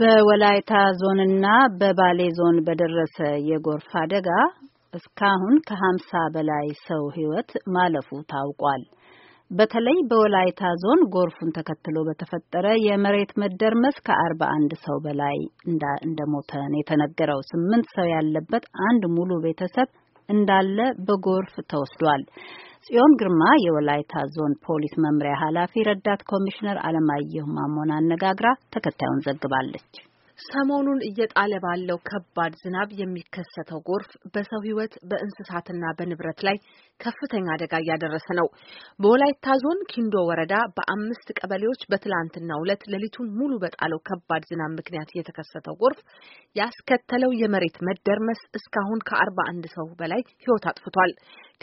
በወላይታ ዞንና በባሌ ዞን በደረሰ የጎርፍ አደጋ እስካሁን ከሀምሳ በላይ ሰው ህይወት ማለፉ ታውቋል። በተለይ በወላይታ ዞን ጎርፉን ተከትሎ በተፈጠረ የመሬት መደርመስ ከአርባ አንድ ሰው በላይ እንደሞተ ነው የተነገረው። ስምንት ሰው ያለበት አንድ ሙሉ ቤተሰብ እንዳለ በጎርፍ ተወስዷል። ጽዮን ግርማ የወላይታ ዞን ፖሊስ መምሪያ ኃላፊ ረዳት ኮሚሽነር አለማየሁ ማሞን አነጋግራ ተከታዩን ዘግባለች። ሰሞኑን እየጣለ ባለው ከባድ ዝናብ የሚከሰተው ጎርፍ በሰው ሕይወት በእንስሳትና በንብረት ላይ ከፍተኛ አደጋ እያደረሰ ነው። በወላይታ ዞን ኪንዶ ወረዳ በአምስት ቀበሌዎች በትላንትናው ዕለት ሌሊቱን ሙሉ በጣለው ከባድ ዝናብ ምክንያት የተከሰተው ጎርፍ ያስከተለው የመሬት መደርመስ እስካሁን ከአርባ አንድ ሰው በላይ ሕይወት አጥፍቷል።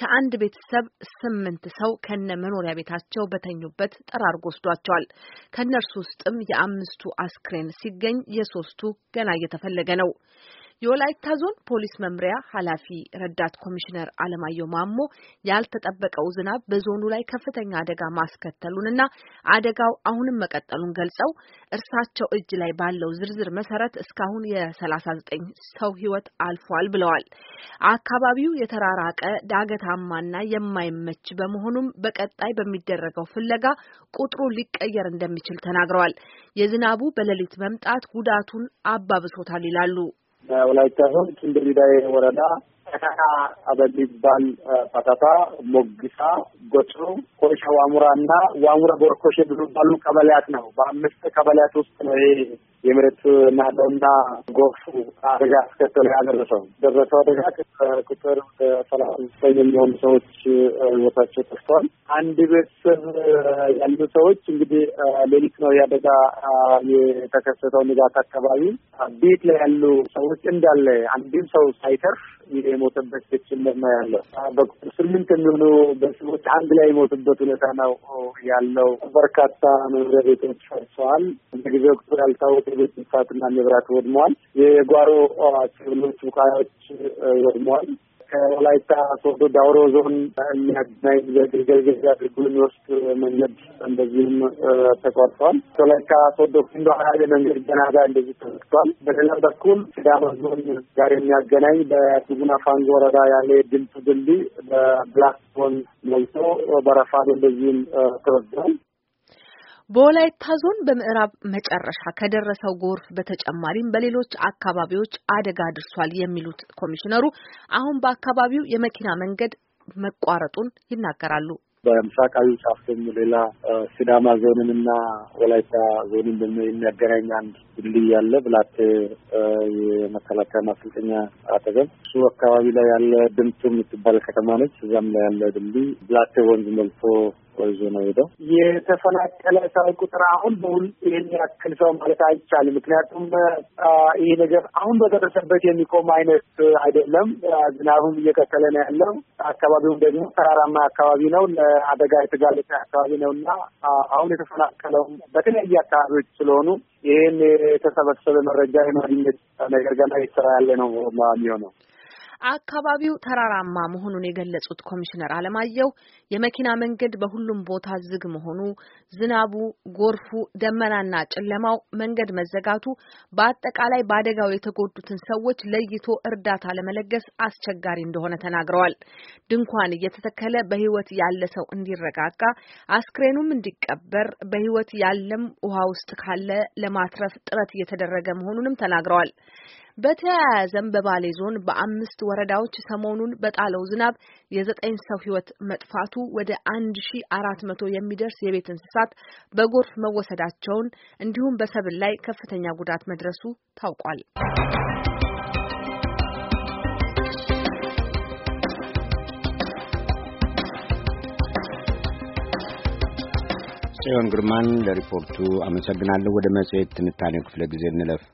ከአንድ ቤተሰብ ስምንት ሰው ከነ መኖሪያ ቤታቸው በተኙበት ጠራርጎ ወስዷቸዋል። ከእነርሱ ውስጥም የአምስቱ አስክሬን ሲገኝ የሶስቱ ገና እየተፈለገ ነው። የወላይታ ዞን ፖሊስ መምሪያ ኃላፊ ረዳት ኮሚሽነር አለማየሁ ማሞ ያልተጠበቀው ዝናብ በዞኑ ላይ ከፍተኛ አደጋ ማስከተሉንና አደጋው አሁንም መቀጠሉን ገልጸው እርሳቸው እጅ ላይ ባለው ዝርዝር መሰረት እስካሁን የ39 ሰው ሕይወት አልፏል ብለዋል። አካባቢው የተራራቀ ዳገታማና የማይመች በመሆኑም በቀጣይ በሚደረገው ፍለጋ ቁጥሩ ሊቀየር እንደሚችል ተናግረዋል። የዝናቡ በሌሊት መምጣት ጉዳቱን አባብሶታል ይላሉ። ወላይታ ዞን ሽምብሪዳዬ ወረዳ ተከታ በሚባል ፈታታ ሞግሳ፣ ጎጮ፣ ኮይሻ ዋሙራ እና ዋሙራ ቦርኮሼ ባሉ ቀበሌያት ነው። በአምስት ቀበሌያት ውስጥ ነው ይሄ የመሬት ናለውና ጎርፉ አደጋ አስከተለ ያደረሰው ደረሰው አደጋ ቁጥር ሰላሳ ዘጠኝ የሚሆኑ ሰዎች ህይወታቸው ጠፍተዋል። አንድ ቤተሰብ ያሉ ሰዎች እንግዲህ ሌሊት ነው የአደጋ የተከሰተው። ንጋት አካባቢ ቤት ላይ ያሉ ሰዎች እንዳለ አንድም ሰው ሳይተርፍ የሞተበት ጭምር ነው ያለው። በቁጥር ስምንት የሚሆኑ በሰዎች አንድ ላይ የሞቱበት ሁኔታ ነው ያለው። በርካታ መኖሪያ ቤቶች ፈርሰዋል። ጊዜ ቁጥር ያልታወቀ የአስር ቤት እንስሳትና ንብረት ወድመዋል። የጓሮ ሰብሎች፣ ቡቃዮች ወድመዋል። ከወላይታ ሶዶ ዳውሮ ዞን የሚያገናኝ በግልገል ገዢ አድርጎ የሚወስድ መንገድ እንደዚህም ተቋርጠዋል። ከወላይታ ሶዶ ክንዶ ሀያሌ መንገድ ገናዳ እንደዚህ ተዘግቷል። በሌላ በኩል ሲዳማ ዞን ጋር የሚያገናኝ በሱጉና ፋንጎ ወረዳ ያለ ድምፅ ድልድይ በብላክ ሆን ሞልቶ በረፋ እንደዚህም ተወስዷል። በወላይታ ዞን በምዕራብ መጨረሻ ከደረሰው ጎርፍ በተጨማሪም በሌሎች አካባቢዎች አደጋ ድርሷል የሚሉት ኮሚሽነሩ አሁን በአካባቢው የመኪና መንገድ መቋረጡን ይናገራሉ። በምስራቃዊ ጫፍ ደግሞ ሌላ ሲዳማ ዞንን እና ወላይታ ዞንን ደግሞ የሚያገናኝ አንድ ድልድይ ያለ ብላት የመከላከያ ማሰልጠኛ አጠገብ እሱ አካባቢ ላይ ያለ ድምቱ የምትባል ከተማ ነች። እዛም ላይ ያለ ድልድይ ብላቴ ወንዝ መልሶ ሸምቆ ይዞ ነው ሄደው። የተፈናቀለ ሰው ቁጥር አሁን በሁል ይህን ያክል ሰው ማለት አይቻልም። ምክንያቱም ይህ ነገር አሁን በደረሰበት የሚቆም አይነት አይደለም። ዝናቡም እየቀጠለ ነው ያለው። አካባቢውም ደግሞ ተራራማ አካባቢ ነው፣ ለአደጋ የተጋለጠ አካባቢ ነው እና አሁን የተፈናቀለውም በተለያየ አካባቢዎች ስለሆኑ ይህን የተሰበሰበ መረጃ የማግኘት ነገር ገና የተሰራ ያለ ነው የሚሆነው። አካባቢው ተራራማ መሆኑን የገለጹት ኮሚሽነር አለማየሁ የመኪና መንገድ በሁሉም ቦታ ዝግ መሆኑ፣ ዝናቡ፣ ጎርፉ፣ ደመናና ጨለማው መንገድ መዘጋቱ በአጠቃላይ በአደጋው የተጎዱትን ሰዎች ለይቶ እርዳታ ለመለገስ አስቸጋሪ እንደሆነ ተናግረዋል። ድንኳን እየተተከለ በሕይወት ያለ ሰው እንዲረጋጋ፣ አስክሬኑም እንዲቀበር፣ በሕይወት ያለም ውሃ ውስጥ ካለ ለማትረፍ ጥረት እየተደረገ መሆኑንም ተናግረዋል። በተያያዘም በባሌ ዞን በአምስት ወረዳዎች ሰሞኑን በጣለው ዝናብ የዘጠኝ ሰው ህይወት መጥፋቱ ወደ አንድ ሺ አራት መቶ የሚደርስ የቤት እንስሳት በጎርፍ መወሰዳቸውን እንዲሁም በሰብል ላይ ከፍተኛ ጉዳት መድረሱ ታውቋል። ጽዮን ግርማን ለሪፖርቱ አመሰግናለሁ። ወደ መጽሔት ትንታኔው ክፍለ ጊዜ እንለፍ።